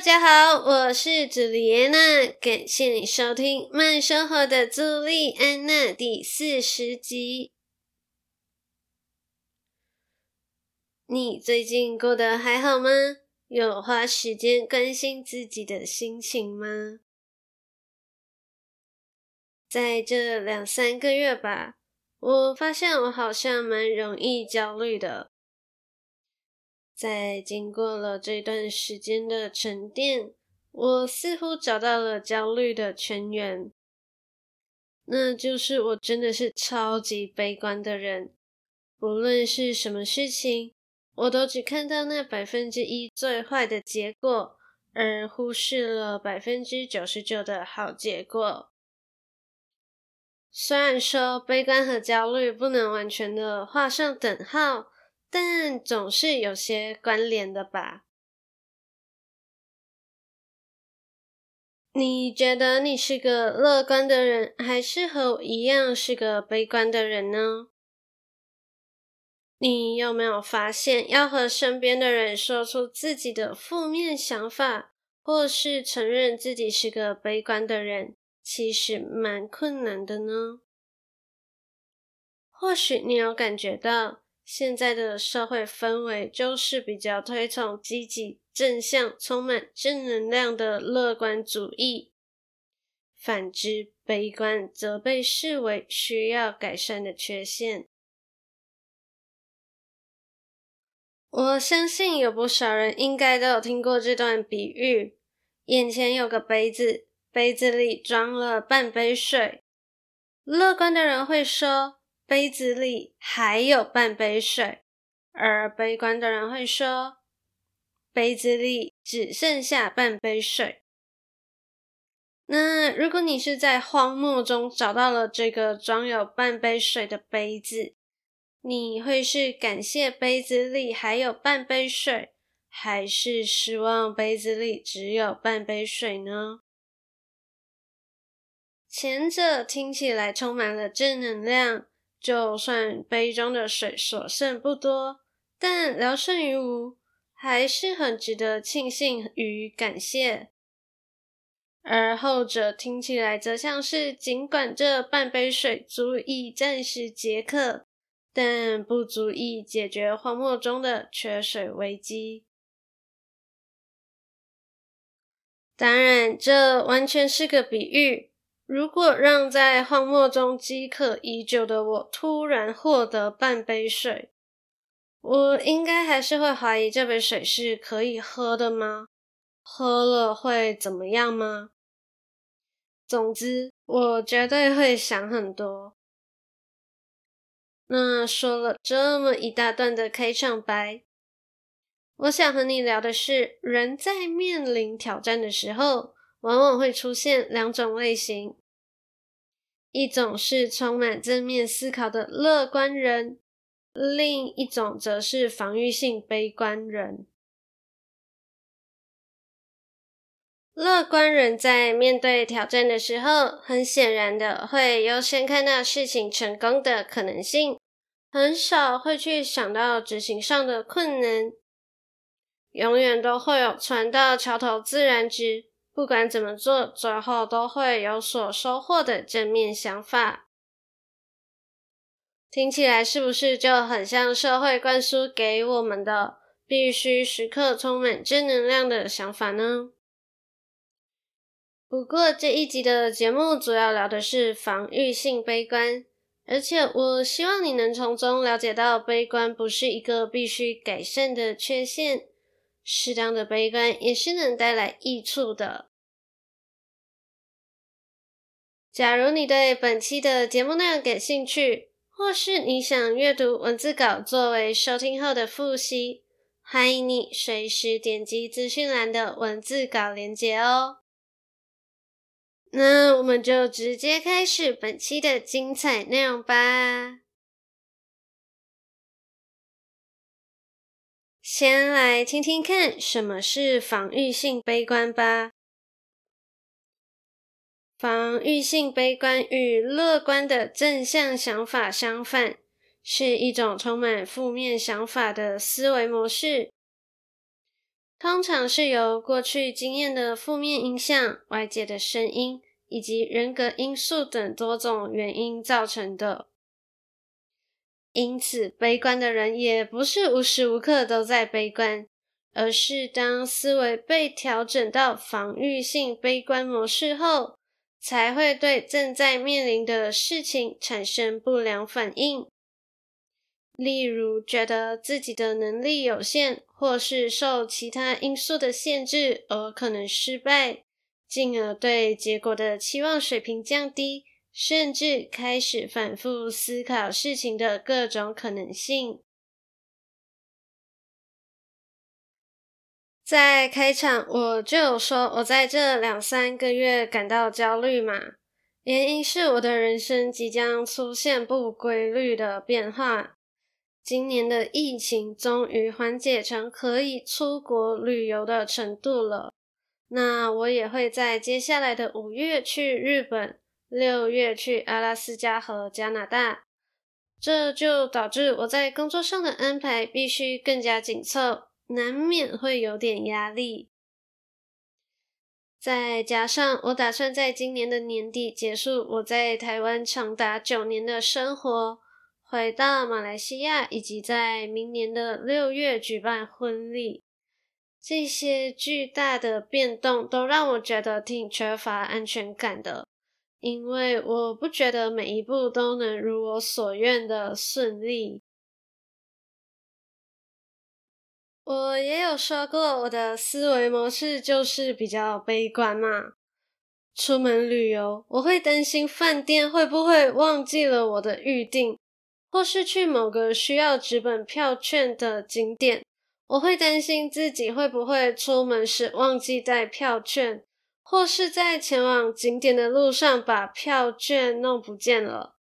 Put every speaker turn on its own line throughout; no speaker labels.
大家好，我是朱麗安娜，感謝你收聽《慢生活》的朱莉安娜第四十集。你最近過得還好嗎？有花時間關心自己的心情嗎？在這兩三個月吧，我發現我好像蠻容易焦慮的。在經過了這段時間的沉澱，我似乎找到了焦慮的泉源，那就是我真的是超級悲觀的人。無論是什麼事情，我都只看到那百分之一最壞的結果，而忽視了百分之九十九的好結果。雖然說悲觀和焦慮不能完全的畫上等號。但總是有些關聯的吧？你覺得你是個樂觀的人，還是和我一樣是個悲觀的人呢？你有沒有發現，要和身邊的人說出自己的負面想法，或是承認自己是個悲觀的人，其實蠻困難的呢？或許你有感覺到。現在的社會氛圍就是比較推崇積極、正向、充滿正能量的樂觀主義，反之，悲觀則被視為需要改善的缺陷。我相信有不少人應該都有聽過這段比喻：眼前有個杯子，杯子裡裝了半杯水，樂觀的人會說。杯子裡還有半杯水，而悲觀的人會說，杯子裡只剩下半杯水。那如果你是在荒漠中找到了這個裝有半杯水的杯子，你會是感謝杯子裡還有半杯水，還是失望杯子裡只有半杯水呢？前者聽起來充滿了正能量。就算杯中的水所剩不多，但聊勝於無，還是很值得慶幸與感謝。而後者聽起來則像是，儘管這半杯水足以暫時解渴，但不足以解決荒漠中的缺水危機。當然，這完全是個比喻。如果讓在荒漠中飢渴已久的我突然獲得半杯水，我應該還是會懷疑這杯水是可以喝的嗎？喝了會怎麼樣嗎？總之，我絕對會想很多。那說了這麼一大段的開場白，我想和你聊的是，人在面臨挑戰的時候。往往會出現兩種類型，一種是充滿正面思考的樂觀人，另一種則是防禦性悲觀人。樂觀人在面對挑戰的時候，很顯然的會優先看到事情成功的可能性，很少會去想到執行上的困難。永遠都會有船到橋頭自然直。不管怎麼做，最後都會有所收穫的正面想法。聽起來是不是就很像社會灌輸給我們的“必須時刻充滿正能量”的想法呢？不過這一集的節目主要聊的是防禦性悲觀，而且我希望你能從中了解到，悲觀不是一個必須改善的缺陷，適當的悲觀也是能帶來益處的。假如你對本期的節目內容感興趣，或是你想閱讀文字稿作為收聽後的複習，歡迎你隨時點擊資訊欄的文字稿連結哦。那我們就直接開始本期的精彩內容吧。先來聽聽看什麼是防禦性悲觀吧。防御性悲觀與樂觀的正向想法相反，是一種充滿負面想法的思維模式。通常是由過去經驗的負面影響，外界的聲音以及人格因素等多種原因造成的。因此，悲觀的人也不是無時無刻都在悲觀，而是當思維被調整到防御性悲觀模式後。才會對正在面臨的事情產生不良反應，例如覺得自己的能力有限，或是受其他因素的限制而可能失敗，進而對結果的期望水平降低，甚至開始反覆思考事情的各種可能性。在開場，我就說，我在這兩三個月感到焦慮嘛，原因是我的人生即將出現不規律的變化。今年的疫情終於緩解成可以出國旅遊的程度了，那我也會在接下來的五月去日本，六月去阿拉斯加和加拿大，這就導致我在工作上的安排必須更加緊湊。難免會有點壓力，再加上我打算在今年的年底結束我在台灣長達九年的生活，回到馬來西亞，以及在明年的六月舉辦婚禮，這些巨大的變動都讓我覺得挺缺乏安全感的，因為我不覺得每一步都能如我所願的順利。我也有說過，我的思維模式就是比較悲觀嘛。出門旅遊，我會擔心飯店會不會忘記了我的預訂，或是去某個需要紙本票券的景點，我會擔心自己會不會出門時忘記帶票券，或是在前往景點的路上把票券弄不見了。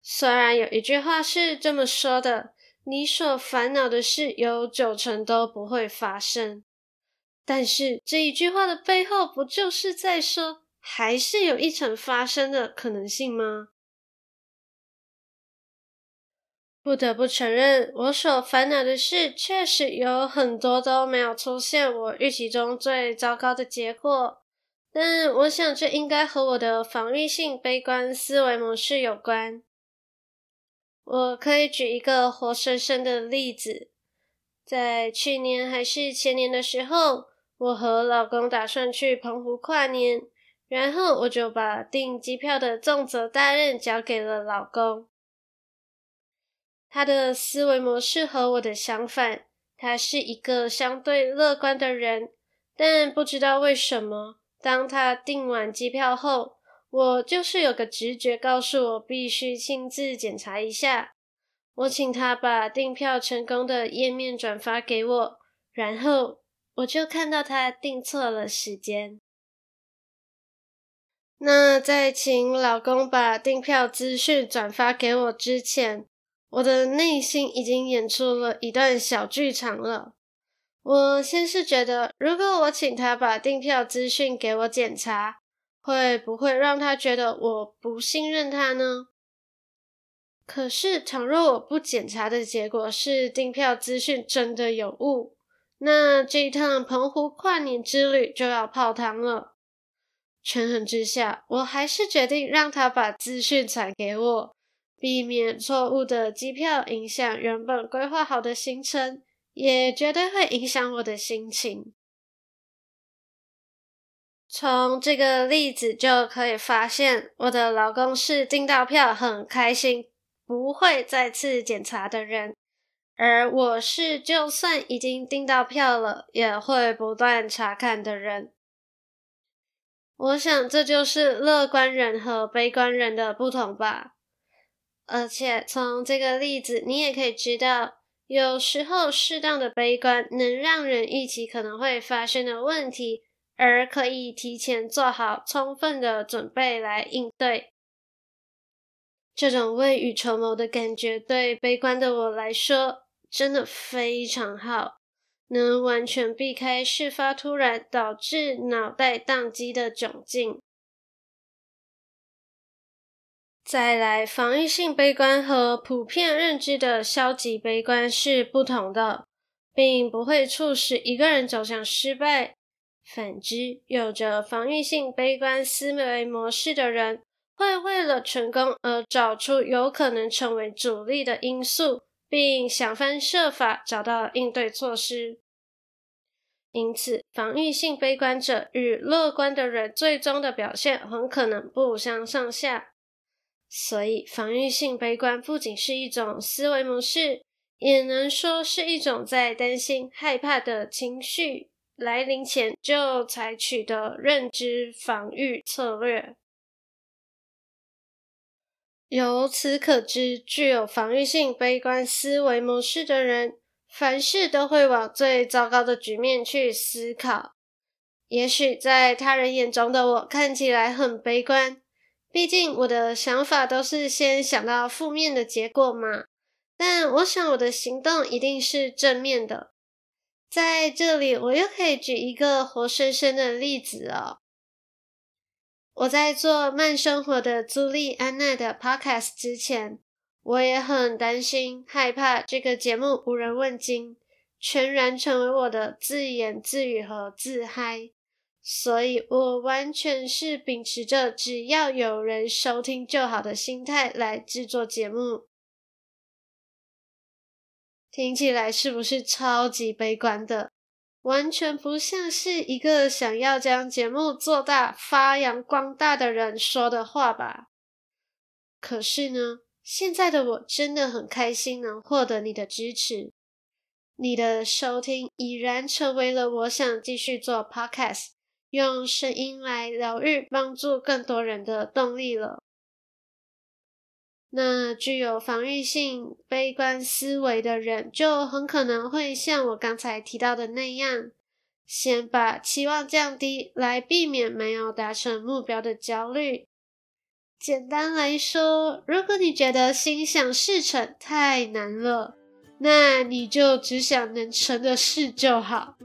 雖然有一句話是這麼說的。你所煩惱的事有九成都不會發生，但是這一句話的背後不就是在說，還是有一成發生的可能性嗎？不得不承認，我所煩惱的事確實有很多都沒有出現我預期中最糟糕的結果，但我想這應該和我的防禦性悲觀思維模式有關。我可以舉一個活生生的例子，在去年還是前年的時候，我和老公打算去澎湖跨年，然後我就把訂機票的重責大任交給了老公。他的思維模式和我的相反，他是一個相對樂觀的人，但不知道為什麼，當他訂完機票後，我就是有個直覺告訴我必須親自檢查一下。我請他把訂票成功的頁面轉發給我，然後我就看到他訂錯了時間。那在請老公把訂票資訊轉發給我之前，我的內心已經演出了一段小劇場了。我先是覺得，如果我請他把訂票資訊給我檢查，會不會讓他覺得我不信任他呢？可是，倘若我不檢查的結果是訂票資訊真的有誤，那這一趟澎湖跨年之旅就要泡湯了。權衡之下，我還是決定讓他把資訊傳給我，避免錯誤的機票影響原本規劃好的行程，也絕對會影響我的心情。從這個例子就可以發現，我的老公是訂到票很開心，不會再次檢查的人；而我是就算已經訂到票了，也會不斷查看的人。我想這就是樂觀人和悲觀人的不同吧。而且從這個例子，你也可以知道，有時候適當的悲觀能讓人預期可能會發生的問題。而可以提前做好充分的準備來應對，這種未雨綢繆的感覺，對悲觀的我來說真的非常好，能完全避開事發突然導致腦袋宕機的窘境。再來，防禦性悲觀和普遍認知的消極悲觀是不同的，並不會促使一個人走向失敗。反之，有着防禦性悲觀思維模式的人，會為了成功而找出有可能成為阻力的因素，並想方設法找到應對措施。因此，防禦性悲觀者與樂觀的人最終的表現很可能不相上下。所以，防禦性悲觀不僅是一種思維模式，也能說是一種在擔心、害怕的情緒。來臨前就採取的認知防御策略。由此可知，具有防御性悲觀思維模式的人，凡事都會往最糟糕的局面去思考。也許在他人眼中的我看起來很悲觀，畢竟我的想法都是先想到負面的結果嘛。但我想，我的行動一定是正面的。在這裡，我又可以舉一個活生生的例子哦。我在做慢生活的朱莉安娜的 podcast 之前，我也很擔心、害怕這個節目無人問津，全然成為我的自言自語和自嗨，所以我完全是秉持着只要有人收聽就好的心態來製作節目。聽起來是不是超級悲觀的？完全不像是一個想要將節目做大、發揚光大的人說的話吧？可是呢，現在的我真的很開心能獲得你的支持，你的收聽已然成為了我想繼續做 podcast，用聲音來療癒、幫助更多人的動力了。那具有防禦性悲觀思維的人，就很可能會像我剛才提到的那樣，先把期望降低，來避免沒有達成目標的焦慮。簡單來說，如果你覺得心想事成太難了，那你就只想能成的事就好。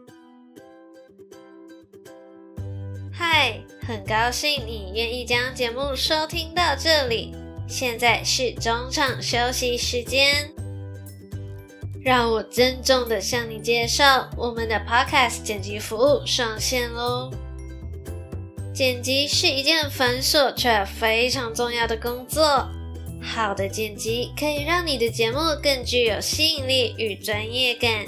嗨，很高興你願意將節目收聽到這裡。現在是中場休息時間，讓我鄭重的向你介紹我們的 Podcast 剪輯服務上線嘍！剪輯是一件繁瑣卻非常重要的工作，好的剪輯可以讓你的節目更具有吸引力與專業感。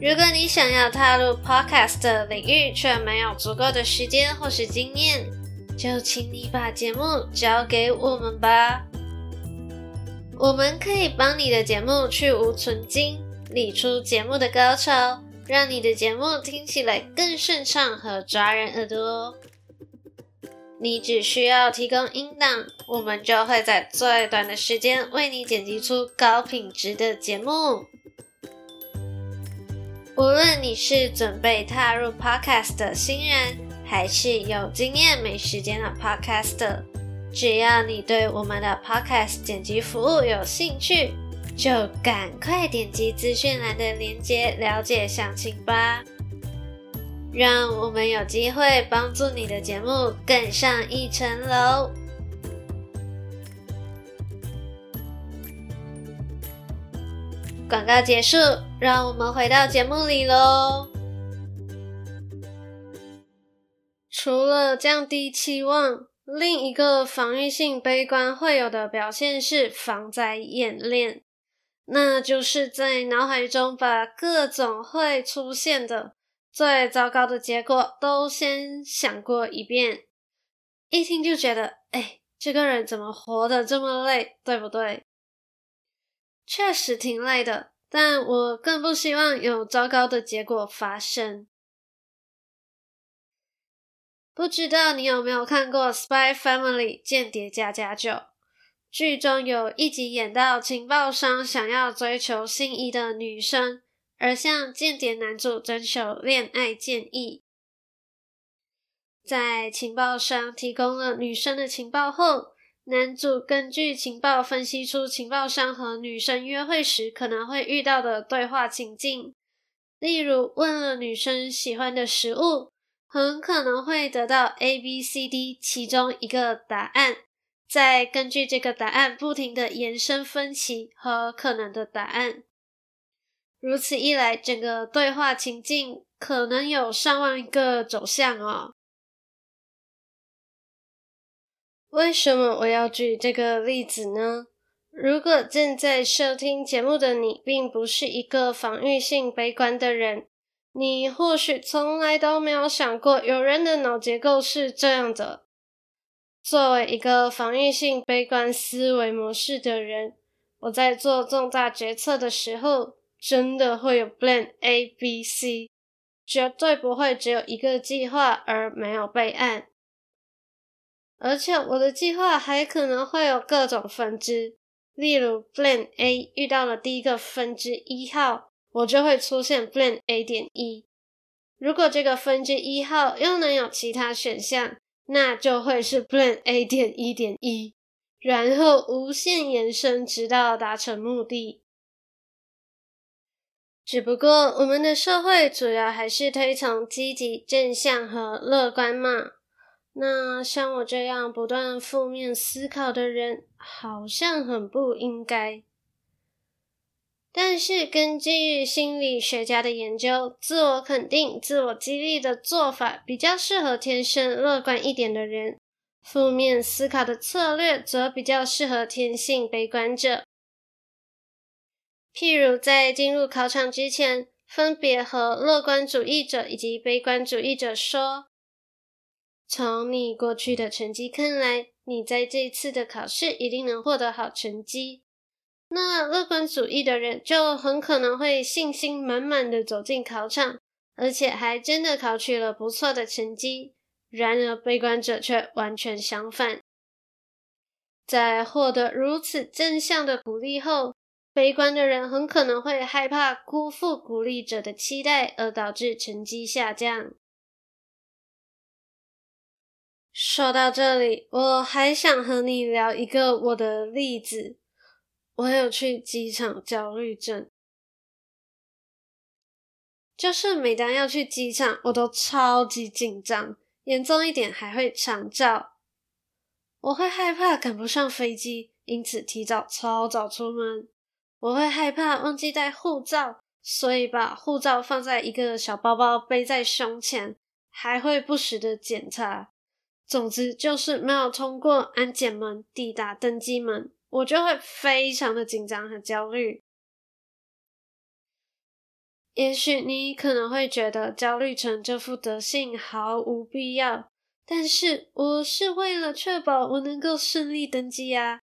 如果你想要踏入 Podcast 的領域，卻沒有足夠的時間或是經驗，就請你把節目交給我們吧，我們可以幫你的節目去蕪存菁，理出節目的高潮，讓你的節目聽起來更順暢和抓人耳朵，哦。你只需要提供音檔，我們就會在最短的時間為你剪輯出高品質的節目。無論你是準備踏入 podcast 的新人，還是有經驗沒時間的 Podcaster，只要你對我們的 Podcast 剪輯服務有興趣，就趕快點擊資訊欄的鏈接了解詳情吧。讓我們有機會幫助你的節目更上一層樓。廣告結束，讓我們回到節目裡嘍。除了降低期望，另一個防禦性悲觀會有的表現是防災演練，那就是在腦海中把各種會出現的最糟糕的結果都先想過一遍。一聽就覺得，哎，這個人怎麼活得這麼累，對不對？確實挺累的，但我更不希望有糟糕的結果發生。不知道你有沒有看過《Spy Family》間諜家家酒？劇中有一集演到情報商，想要追求心儀的女生，而向間諜男主徵求戀愛建議。在情報商提供了女生的情報後，男主根據情報分析出情報商和女生約會時可能會遇到的對話情境，例如問了女生喜歡的食物。很可能會得到 A、B、C、D 其中一個答案，再根據這個答案不停的延伸分析和可能的答案。如此一來，整個對話情境可能有上萬個走向哦。為什麼我要舉這個例子呢？如果正在收聽節目的你，並不是一個防禦性悲觀的人。你或許從來都沒有想過，有人的腦結構是這樣的。作為一個防禦性悲觀思維模式的人，我在做重大決策的時候，真的會有 Plan A、B、C，絕對不會只有一個計劃而沒有備案。而且我的計劃還可能會有各種分支，例如 Plan A 遇到了第一個分支一號。我就會出現 plan A 點一。如果這個分支一號又能有其他選項，那就會是 plan A 點一點一，然後無限延伸，直到達成目的。只不過我們的社會主要還是推崇積極、正向和樂觀嘛。那像我這樣不斷負面思考的人，好像很不應該。但是根據心理學家的研究，自我肯定、自我激勵的做法比較適合天生樂觀一點的人；負面思考的策略則比較適合天性悲觀者。譬如在進入考場之前，分別和樂觀主義者以及悲觀主義者說：“從你過去的成績看來，你在這一次的考試一定能獲得好成績。”那樂觀主義的人就很可能會信心滿滿的走進考場，而且還真的考取了不錯的成績。然而，悲觀者卻完全相反。在獲得如此正向的鼓勵後，悲觀的人很可能會害怕辜負鼓勵者的期待，而導致成績下降。說到這裡，我還想和你聊一個我的例子。我還有去機場焦慮症，就是每當要去機場，我都超級緊張，嚴重一點還會腸躁。我會害怕趕不上飛機，因此提早超早出門。我會害怕忘記帶護照，所以把護照放在一個小包包背在胸前，還會不時的檢查。總之就是沒有通過安檢門，抵達登機門，我就會非常的緊張和焦慮。也許你可能會覺得焦慮成這副德性毫無必要，但是我是為了確保我能夠順利登機啊！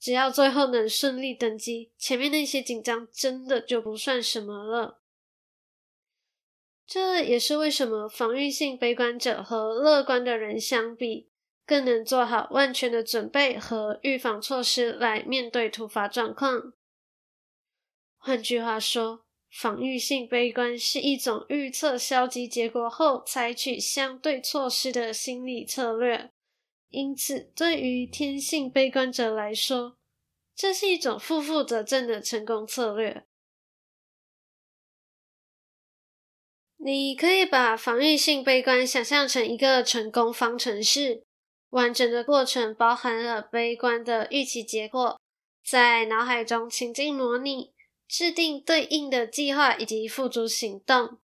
只要最後能順利登機，前面那些緊張真的就不算什麼了。這也是為什麼防禦性悲觀者和樂觀的人相比，更能做好萬全的準備和預防措施來面對突發狀況。換句話說，防禦性悲觀是一種預測消極結果後採取相對措施的心理策略。因此，對於天性悲觀者來說，這是一種負負得正的成功策略。你可以把防禦性悲觀想象成一個成功方程式。完整的過程包含了悲觀的預期結果，在腦海中情境模擬，制定對應的計劃以及付諸行動。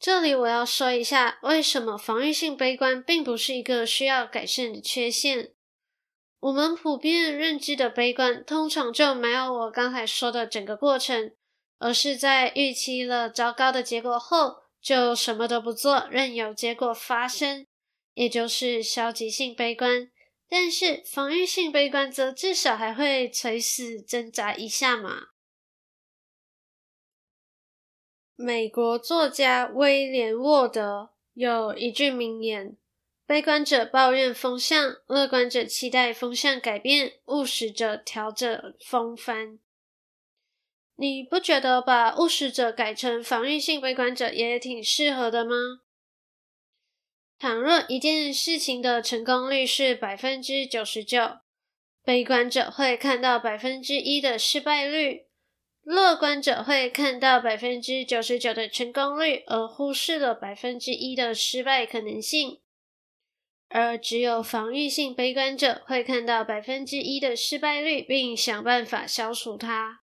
這裡我要說一下，為什麼防禦性悲觀並不是一個需要改善的缺陷。我們普遍認知的悲觀，通常就沒有我剛才說的整個過程，而是在預期了糟糕的結果後，就什麼都不做，任由結果發生。也就是消極性悲觀，但是防御性悲觀則至少還會垂死掙扎一下嘛。美國作家威廉·沃德有一句名言：“悲觀者抱怨風向，樂觀者期待風向改變，務實者調整風帆。”你不覺得把務實者改成防御性悲觀者也挺適合的嗎？倘若一件事情的成功率是百分之九十九，悲觀者會看到百分之一的失敗率，樂觀者會看到百分之九十九的成功率，而忽視了百分之一的失敗可能性。而只有防禦性悲觀者會看到百分之一的失敗率，並想辦法消除它。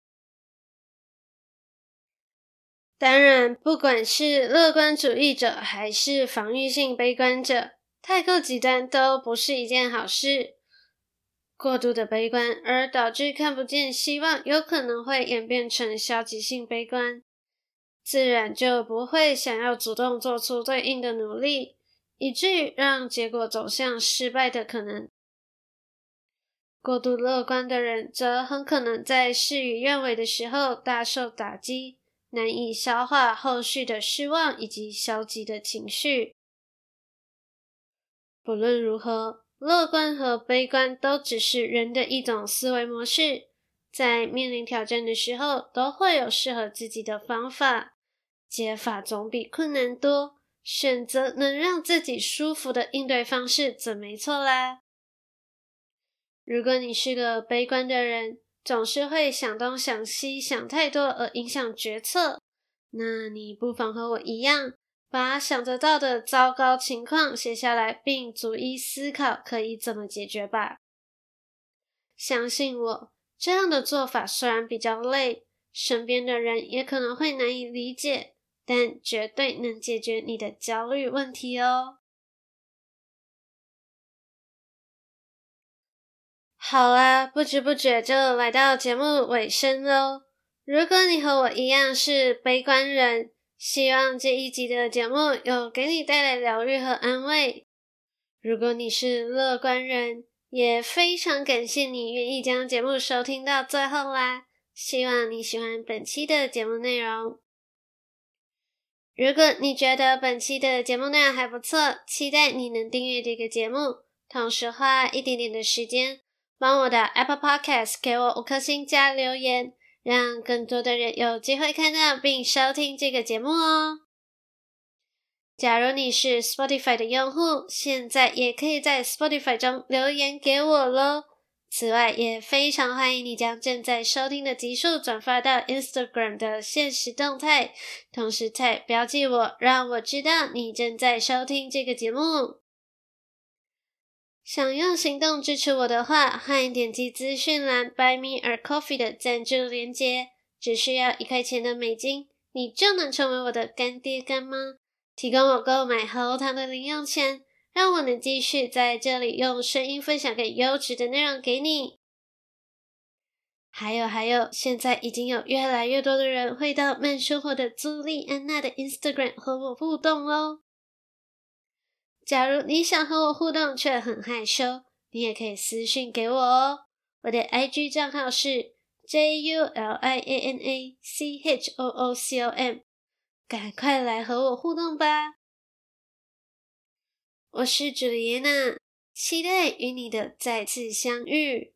當然，不管是樂觀主義者還是防禦性悲觀者，太過極端都不是一件好事。過度的悲觀而導致看不見希望，有可能會演變成消極性悲觀，自然就不會想要主動做出對應的努力，以至於讓結果走向失敗的可能。過度樂觀的人則很可能在事與願違的時候大受打擊。難以消化後續的失望以及消極的情緒。不論如何，樂觀和悲觀都只是人的一種思維模式。在面臨挑戰的時候，都會有適合自己的方法。解法總比困難多，選擇能讓自己舒服的應對方式準沒錯啦。如果你是個悲觀的人，總是會想東想西，想太多而影響決策。那你不妨和我一樣，把想得到的糟糕情況寫下來，並逐一思考可以怎麼解決吧。相信我，這樣的做法雖然比較累，身邊的人也可能會難以理解，但絕對能解決你的焦慮問題哦。好啦，不知不覺就來到節目尾聲嘍。如果你和我一樣是悲觀人，希望這一集的節目有給你帶來療癒和安慰。如果你是樂觀人，也非常感謝你願意將節目收聽到最後啦。希望你喜歡本期的節目內容。如果你覺得本期的節目內容還不錯，期待你能訂閱這個節目，同時花一點點的時間。幫我的 Apple Podcast 給我五顆星加留言，讓更多的人有機會看到並收聽這個節目哦、喔。假如你是 Spotify 的用戶，現在也可以在 Spotify 中留言給我嘍。此外，也非常歡迎你將正在收聽的集數轉發到 Instagram 的限時動態，同時再標記我，讓我知道你正在收聽這個節目。想用行動支持我的話，歡迎點擊資訊欄 “Buy Me a Coffee” 的贊助鏈接，只需要一塊錢的美金，你就能成為我的乾爹乾媽，提供我購買喉糖的零用錢，讓我能繼續在這裡用聲音分享給優質的內容給你。還有還有，現在已經有越來越多的人會到慢生活的朱莉安娜的 Instagram 和我互動哦。假如你想和我互動卻很害羞，你也可以私訊給我哦。我的 IG 賬號是 julianachoocom，趕快來和我互動吧！我是朱麗安娜，期待與你的再次相遇。